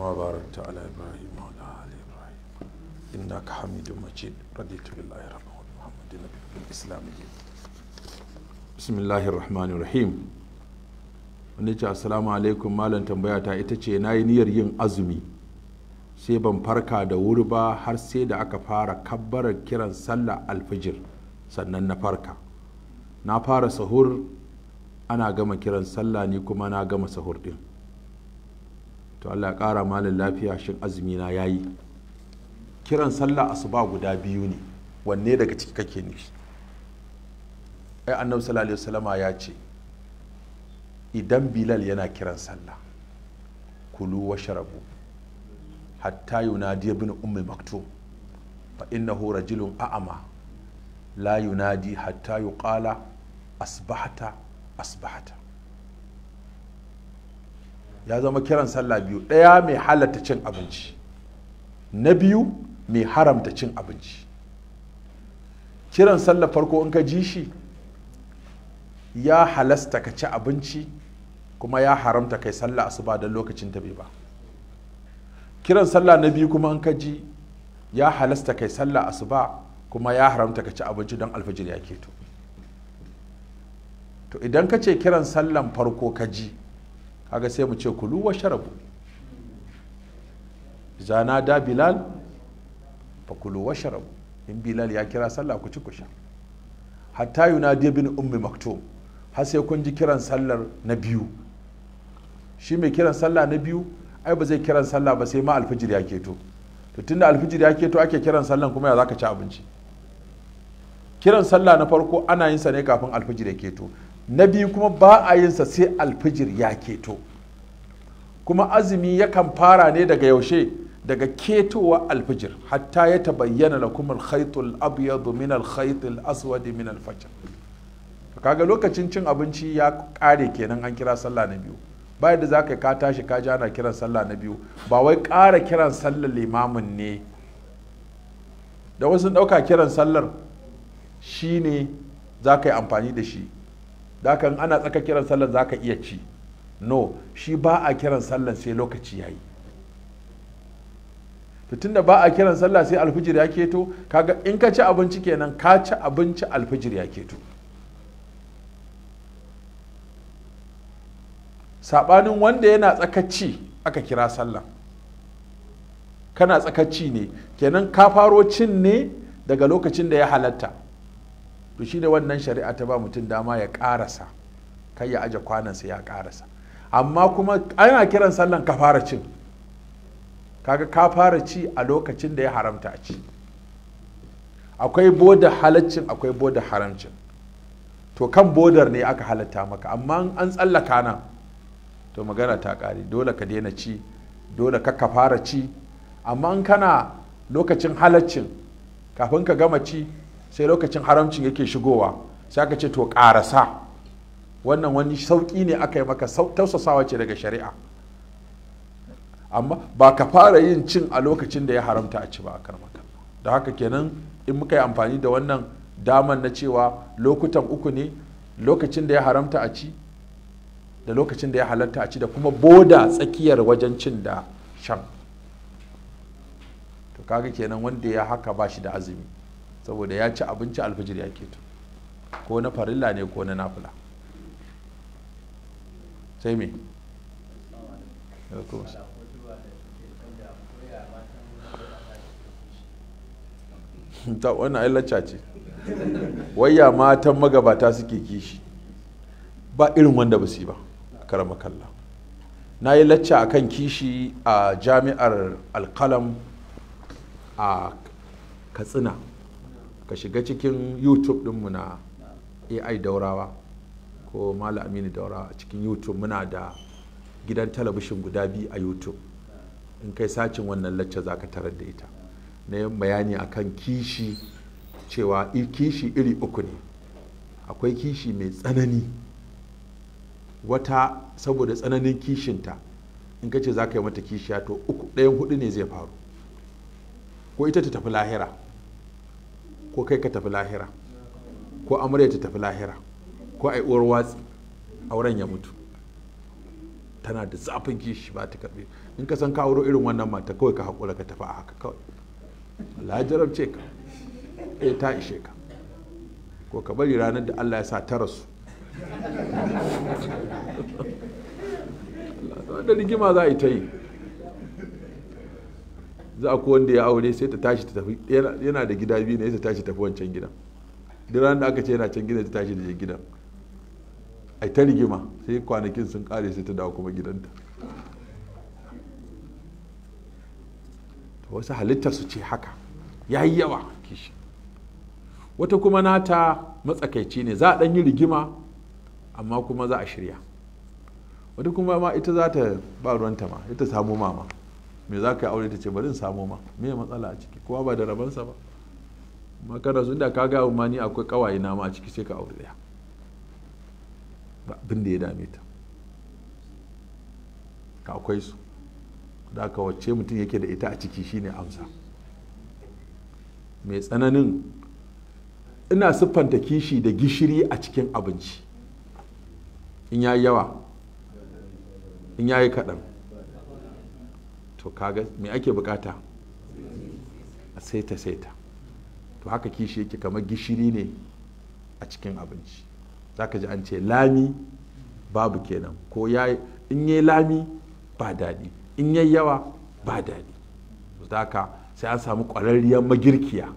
وبارك على إبراهيم وعلى حميد مجيد رضيت بالله نبي دين بسم الله الرحمن الرحيم ce assalamu alaikum malam tambayata, ita ce na yi niyyar yin azumi sai ban farka da wuri ba har sai da aka fara kabbarar kiran sallah alfijir sannan na farka na fara sahur ana gama kiran sallah ni kuma na gama sahur din to Allah ya kara malin lafiya shin azumi na yayi kiran sallah asuba guda biyu ne wanne daga ciki kake nufi ai annabi sallallahu alaihi wasallama ya ce idan bilal yana kiran sallah kulu wa sharabu hatta yunadi ibn ummi maktum fa innahu rajulun a'ama la yunadi hatta yuqala asbahta asbahata ya zama kiran sallah biyu ɗaya mai halatta cin abinci na biyu mai haramta cin abinci kiran sallah farko in ka ji shi ya halasta ka ci abinci kuma ya haramta kai sallah asuba don lokacin ta bai ba kiran sallah na biyu kuma in ka ji ya halasta kai sallah asuba kuma ya haramta ka ci abinci don alfajir ya keto to idan ka ce kiran sallan farko ka ji kaga sai mu ce kulu wa sharabu zana da bilal fa kulu wa sharabu in bilal ya kira sallah ku ci ku sha hatta yunadi bin ummi maktum har sai kun ji kiran sallar na biyu shi mai kiran sallah na biyu ai ba zai kiran sallah ba sai ma alfijir ya keto to tunda alfijir ya keto ake kiran sallan kuma ya zaka ci abinci kiran sallah na farko ana yin sa ne kafin alfijir ya keto na biyu kuma ba a yin sa sai alfijir ya keto kuma azumi yakan fara ne daga yaushe daga ketowa alfijir hatta ya tabayyana lakum al-khaytul abyadu min al-khaytil aswadi min al-fajr kaga lokacin cin abinci ya kare kenan an kira sallah na biyu Ba yadda za ka ka tashi ka ji ana kiran sallah na biyu ba wai ƙara kiran sallar limamin ne da wasu ɗauka kiran sallar shi ne za ka yi amfani da shi da kan ana tsaka kiran sallan ka iya ci no shi ba a kiran sallan sai lokaci ya yi tun da ba a kiran sallah sai alfijir ya keto kaga in ka ci abinci kenan ka ci abinci alfijir ya keto sabanin wanda yana tsakaci aka kira sallah kana tsakaci ne kenan ka faro cin ne daga lokacin da ya halatta to shi da wannan shari'a ta ba mutum dama ya karasa kai ya aje kwanansa ya karasa amma kuma ana kiran sallan kafara fara cin kaga ka fara ci a lokacin da ya haramta a ci akwai boda halaccin akwai boda haramcin to kan bodar ne aka halatta maka amma an tsallaka nan to magana ta kare dole ka daina ci dole ka fara ci amma kana lokacin halaccin kafin ka gama ci sai lokacin haramcin yake shigowa sai aka ce to ƙarasa wannan wani sauƙi ne aka yi maka tausasawa ce daga shari'a amma ba ka fara yin cin a lokacin da ya haramta a ci ba a karmaka da haka kenan in muka yi amfani da wannan daman na cewa lokutan uku ne lokacin da ya haramta a ci da lokacin da ya halatta a ci da kuma boda tsakiyar wajen cin da shan to kaga kenan wanda ya haka ba shi da azumi saboda ya ci abinci alfijir ya keto ko na farilla ne ko na nafila sai me ta wannan ai ce wayya matan magabata suke kishi ba irin wanda ba su yi ba karama kalla na yi lacca a kan kishi a jami'ar alkalam a katsina ka shiga cikin youtube dinmu na ai daurawa ko malam aminu daurawa a cikin youtube muna da gidan talabishin guda biyu a youtube in kai sacin wannan lacca za ka tarar da ita na yin bayani akan kishi cewa kishi iri uku ne akwai kishi mai tsanani wata saboda tsananin kishinta in ka ce za ka yi mata kishiya to uku ɗayan hudu ne zai faru ko ita ta tafi lahira ko kai ka tafi lahira ko amarya ta tafi lahira ko ai uwar watsi auren ya mutu tana da zafin kishi ba ta karbi in ka san ka auro irin wannan mata kawai ka haƙura ka tafi a haka kawai Allah jarabce ka eh ta ishe ka ko ka bari ranar da Allah ya sa ta rasu wadda rigima za a yi ta yi za a ko wanda ya aure sai ta tashi ta tafi yana da gida biyu ne sai ta tashi tafi wancan gidan duk ranar da aka ce yana can gidan ta tashi da gidan ai ta rigima sai kwanakin sun kare sai ta dawo kuma gidanta wasu halittar su ce haka ya yi yawa kishi wata kuma nata matsakaici ne za a ɗan yi rigima amma kuma za a shirya wata kuma ma ita za ta ba ruwanta ma ita samu mama me za ka yi aure ta ce bari in samu ma me matsala a ciki kowa ba da rabansa ba amma sun da ka ga ma ni akwai kawaye na a ciki sai ka aure daya ba abin da ya dame ta ka akwai su da ka wacce mutum yake da ita a ciki shine amsa mai tsananin ina siffanta kishi da gishiri a cikin abinci in yayi yawa in yayi kaɗan to kaga me ake bukata a saita saita to haka kishi yake kamar gishiri ne a cikin abinci zaka ji an ce lami babu kenan ko ya in yi lami ba daɗi in yi yawa ba daɗi haka sai an samu ƙwararriyar magirkiya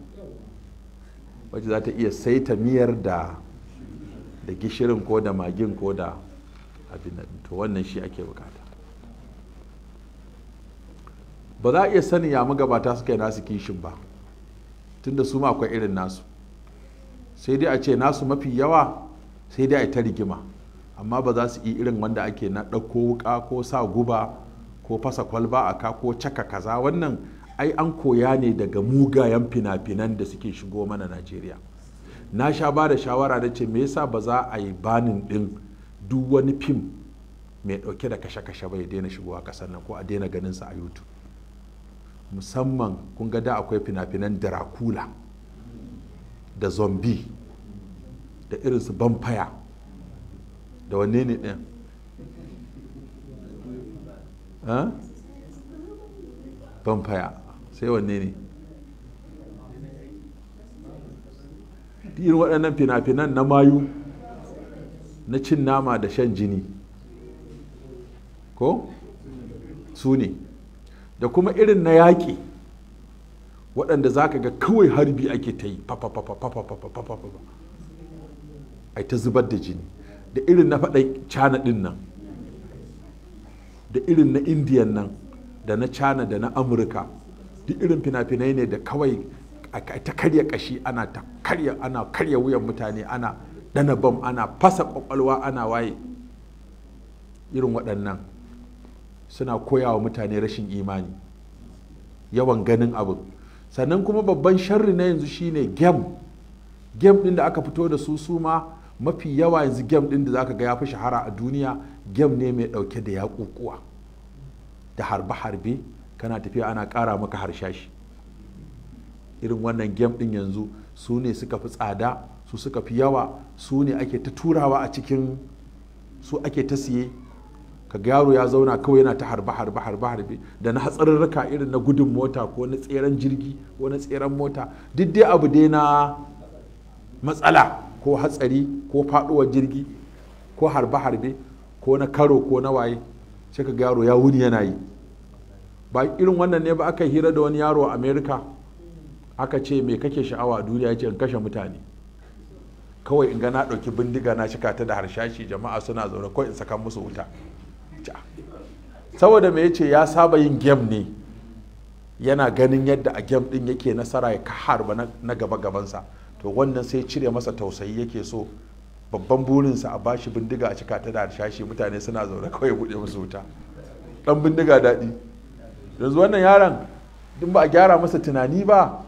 wacce za ta iya saita miyar da da gishirin ko da magin ko da abin to wannan shi ake bukata ba za a iya sani ya magabata suka yi nasu kishin ba tunda su ma akwai irin nasu sai dai a ce nasu mafi yawa sai dai a ta rigima amma ba za su yi irin wanda ake na ɗauko wuka ko sa guba ko fasa kwalba a ka ko caka kaza wannan ai an koya ne daga mugayen fina-finan da suke shigo mana najeriya na sha ba da shawara da ce me yasa ba za a yi banin ɗin duk wani fim mai ɗauke da kashe-kashe ba ya daina shigowa ƙasar nan ko a daina ganin sa a youtube musamman kun ga da akwai fina-finan dracula da zombie da irin su vampire da wanne ne ɗin vampire sai wanne ne irin waɗannan fina-finan na mayu na cin nama da shan jini ko su ne da kuma irin na yaƙi waɗanda za ka ga kawai harbi ake ta yi ai ta zubar da jini da irin na faɗa cana ɗin nan da irin na indiyan nan da na cana da na amurka duk irin fina-finai ne da kawai ta karya kashi ana ta karya ana karya wuyan mutane ana dana bam ana fasa ƙwaƙwalwa, ana waye irin waɗannan suna koya wa mutane rashin imani yawan ganin abin sannan kuma babban sharri na yanzu shine gem gem din da aka fito da su suma mafi yawa yanzu gem din da zaka ga ya fi shahara a duniya gem ne mai dauke da yakukuwa da harbe-harbe kana tafiya ana kara maka harshashi irin wannan gem din yanzu su ne suka fi tsada su suka fi yawa su ne ake ta turawa a cikin su ake ta siye kaga yaro ya zauna kawai yana ta harba harba harba harbe da na hatsarurruka irin na gudun mota ko na tseren jirgi ko na tseren mota duk dai abu dai na matsala ko hatsari ko faduwar jirgi ko harba harbe ko na karo ko na waye sai kaga yaro ya wuni yana yi ba irin wannan ne ba aka hira da wani yaro a america aka ce me kake sha'awa a duniya ce in kashe mutane kawai in ga na ɗauki bindiga na shika ta da harshashi jama'a suna zaune kawai in saka musu wuta ja saboda me ce ya saba yin game ne yana ganin yadda a game din yake nasara ya ka harba na gaba gabansa to wannan sai cire masa tausayi yake so babban burinsa a bashi bindiga a cika ta da shashi mutane suna zaune kawai buɗe musu wuta dan bindiga daɗi yanzu wannan yaron in ba a gyara masa tunani ba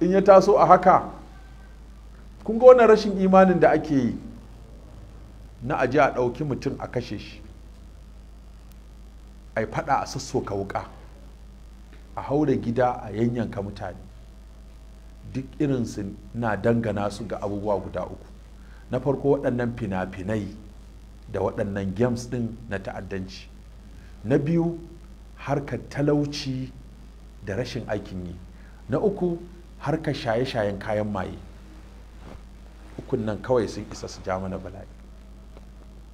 in ya taso a haka kun ga wannan rashin imanin da ake yi na aji a ɗauki mutum a kashe shi a yi fada a sassoka wuka a haura gida a yanyanka mutane duk irinsu na dangana su ga abubuwa guda uku na farko waɗannan fina-finai da waɗannan games ɗin na ta'addanci na biyu harkar talauci da rashin aikin yi na uku harkar shaye-shayen kayan maye ukun kawai sun isa su ja mana bala'i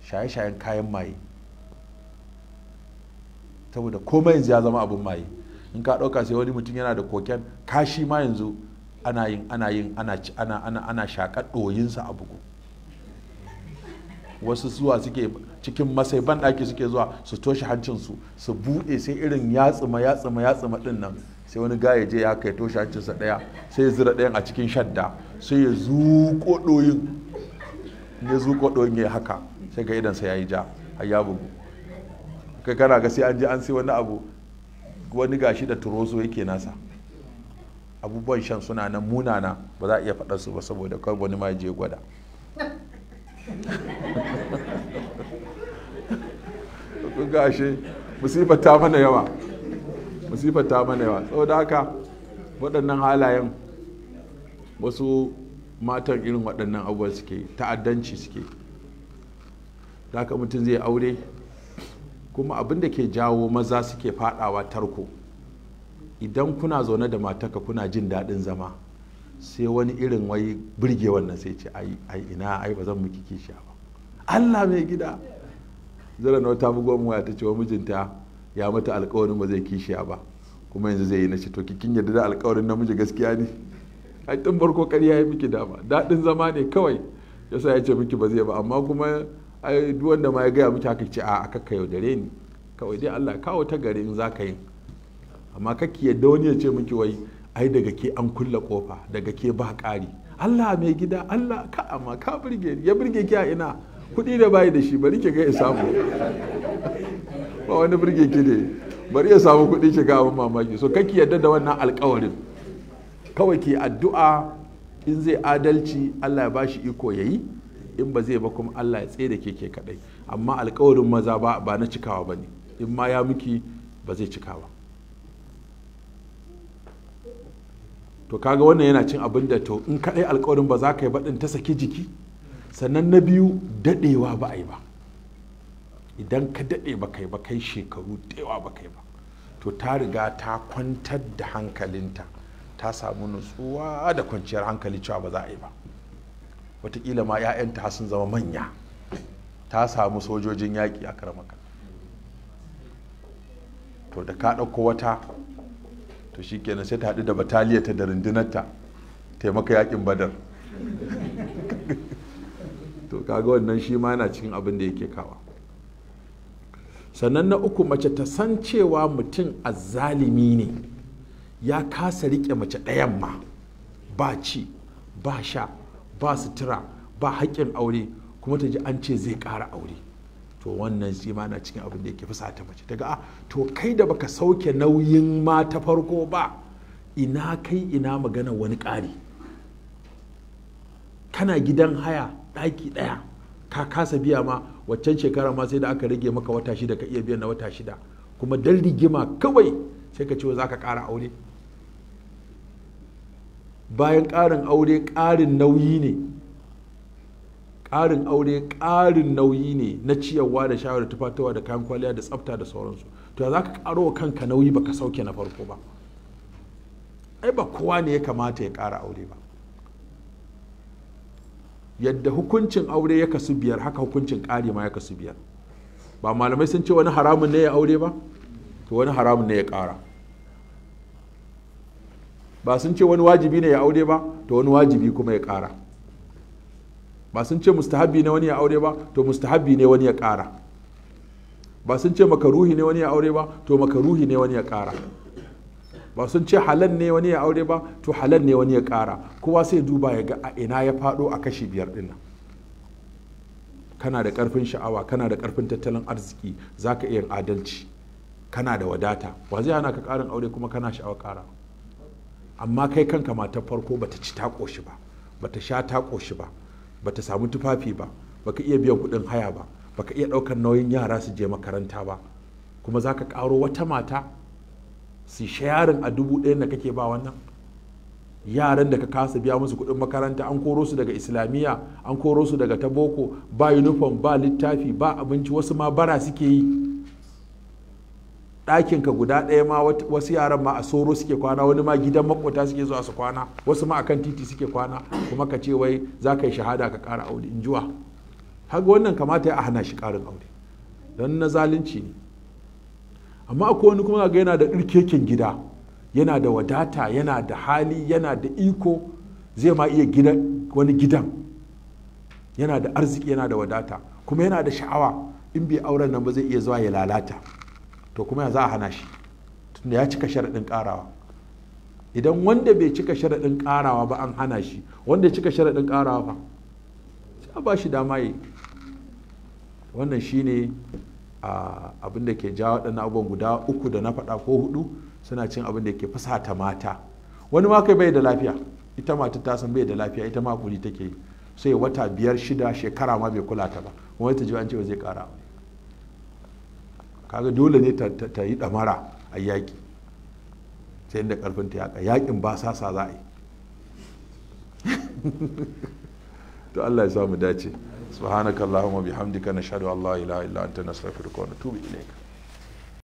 shaye-shayen kayan maye saboda komai yanzu ya zama abun maye in ka ɗauka sai wani mutum yana da koken kashi ma yanzu ana yin ana yin ana ana ana ana shaƙar ɗoyinsa a bugu wasu zuwa suke cikin masai ban ɗaki suke zuwa su toshe hancinsu su buɗe sai irin yatsuma yatsuma yatsuma ɗin nan sai wani gaya je ya kai toshe hancinsa ɗaya sai ya zira ɗayan a cikin shadda sai ya zuƙo ɗoyin ya zuƙo ɗoyin ya haka sai ga idansa ya yi ja har ya bugu kai kana ga sai an ji an sai wani abu wani gashi da turoso yake nasa abubuwan shan suna nan munana ba za a iya faɗa su ba saboda kawai wani ma je gwada kun ga ta mana yawa musifa ta mana yawa saboda haka waɗannan halayen wasu matan irin waɗannan abubuwa suke ta'addanci suke da haka mutum zai aure kuma abin da ke jawo maza suke fadawa tarko idan kuna zaune da mataka kuna jin daɗin zama sai wani irin wai birge wannan sai ce ai ina ai ba zan miki kishiya ba Allah mai gida zara na wata bugon waya ta ce wa mijinta ya mata alkawarin ba zai kishiya ba kuma yanzu zai yi na ce to kikin da alkawarin namiji gaskiya ne ai tun farko kariya ya miki dama daɗin zama ne kawai yasa ya ce miki ba zai ba amma kuma ai wanda ma ya gaya miki haka ce a aka yaudare ni kawai dai Allah kawo ta gari in zaka yi amma kake yadda wani ya ce miki wai ai daga ke an kulle kofa daga ke ba ƙari Allah mai gida Allah ka amma ka burge ya burge ki a ina kuɗi da bayi da shi bari ki ga ya samu ba wani burge ki ne bari ya samu kuɗi ki ga abin mamaki so kake yadda da wannan alƙawarin kawai ke addu'a in zai adalci Allah ya bashi iko ya yi. in ba zai ba kuma Allah ya tsaye da ke ke kadai amma alkawarin maza ba ba na cikawa ba ne in ma ya miki ba zai cika ba to kaga wannan yana cin abin da to in kadai alkawarin ba za ka yi baɗin ta saki jiki sannan na biyu daɗewa ba a ba idan ka daɗe ba kai ba kai shekaru daewa ba kai ba to ta riga ta kwantar da hankalinta ta samu nutsuwa da kwanciyar hankali cewa ba za a yi ba watakila ma 'ya'yanta sun zama manya ta samu sojojin yaƙi a karamaka to da ka ɗauko wata to shi kenan sai ta haɗu da bataliyata da rundunarta taimaka yaƙin badar to kaga wannan shi ma yana cikin abin da yake kawa sannan na uku mace ta san cewa mutum azzalimi ne ya kasa riƙe mace ɗayan ma ba ci ba sha ba sutura ba haƙƙin aure kuma ta ji an ce zai ƙara aure to wannan shi ma na cikin abin da yake ta mace daga a ah, to kai da baka sauke nauyin ma ta farko ba ina kai ina magana wani ƙari kana gidan haya ɗaki ɗaya ka kasa biya ma waccan shekara ma sai da aka rage maka wata shida ka iya biyan na wata shida kuma dan rigima kawai sai ka ce za ka ƙara aure bayan ƙarin aure ƙarin nauyi ne ƙarin aure ƙarin nauyi ne na ciyarwa da shawar da da kayan kwaliya da tsafta da sauransu to ya za ka ƙaro wa kanka nauyi baka sauke na farko ba ai ba kowa ne ya kamata ya ƙara aure ba yadda hukuncin aure ya kasu biyar haka hukuncin ƙari ma ya kasu biyar ba malamai sun ce wani haramun ne ya aure ba to wani haramun ne ya ƙara ba sun ce wani wajibi ne ya aure ba to wani wajibi kuma ya ƙara ba sun ce mustahabbi ne wani ya aure ba to mustahabbi ne wani ya ƙara ba sun ce makaruhi ne wani ya aure ba to makaruhi ne wani ya ƙara ba sun ce halal ne wani ya aure ba to halal ne wani ya ƙara kowa sai duba ya ga a ina ya faɗo a kashi biyar ɗin nan kana da ƙarfin sha'awa kana da ƙarfin tattalin arziki za ka iya adalci kana da wadata wa zai hana ka karin aure kuma kana sha'awa ƙara amma kai kanka matar farko bata ci ta koshi ba bata sha ta koshi ba bata samu tufafi ba baka iya biyan kuɗin haya ba baka iya ɗaukar nauyin yara su je makaranta ba kuma za ka ƙaro wata mata su yarin a dubu ɗaya da kake ba wannan yaran da ka kasa biya musu kuɗin makaranta an koro su daga islamiyya an koro su daga ta boko ba uniform ba littafi ba abinci wasu ma bara suke yi ka guda ɗaya ma wasu yaran ma a soro suke kwana wani ma gidan makwata suke zuwa su kwana wasu ma akan titi suke kwana kuma ka ce wai za ka yi shahada ka kara aure in juwa haka wannan kamata ya a hana shi ƙarin aure don na zalunci ne amma akwai wani kuma ga yana da ɗirkekin gida yana da wadata yana da hali yana da iko zai ma iya gida wani gidan yana da arziki yana da wadata kuma yana da sha'awa in bai auren nan ba zai iya zuwa ya lalata to kuma ya za a hana shi tunda ya cika sharaɗin ƙarawa idan wanda bai cika sharaɗin ƙarawa ba an hana shi wanda ya cika sharaɗin ƙarawa ba sai a ba shi dama yi wannan ne abin da ke ja waɗannan abubuwan guda uku da na faɗa ko hudu suna cin abin da ke fusata mata wani ma kai bai da lafiya ita mata ta san bai da lafiya ita ma kuli take yi sai wata biyar shida shekara ma bai kula ta ba kuma ta ji an ce zai ƙara kaga dole ne ta yi damara a yaƙi sai da karfin ta yaƙa yaƙin ba sasa za a yi to Allah ya samu dace subhanakallahumma bihamdika nashhadu an la ilaha illa anta nastaghfiruka wa natubu ilayka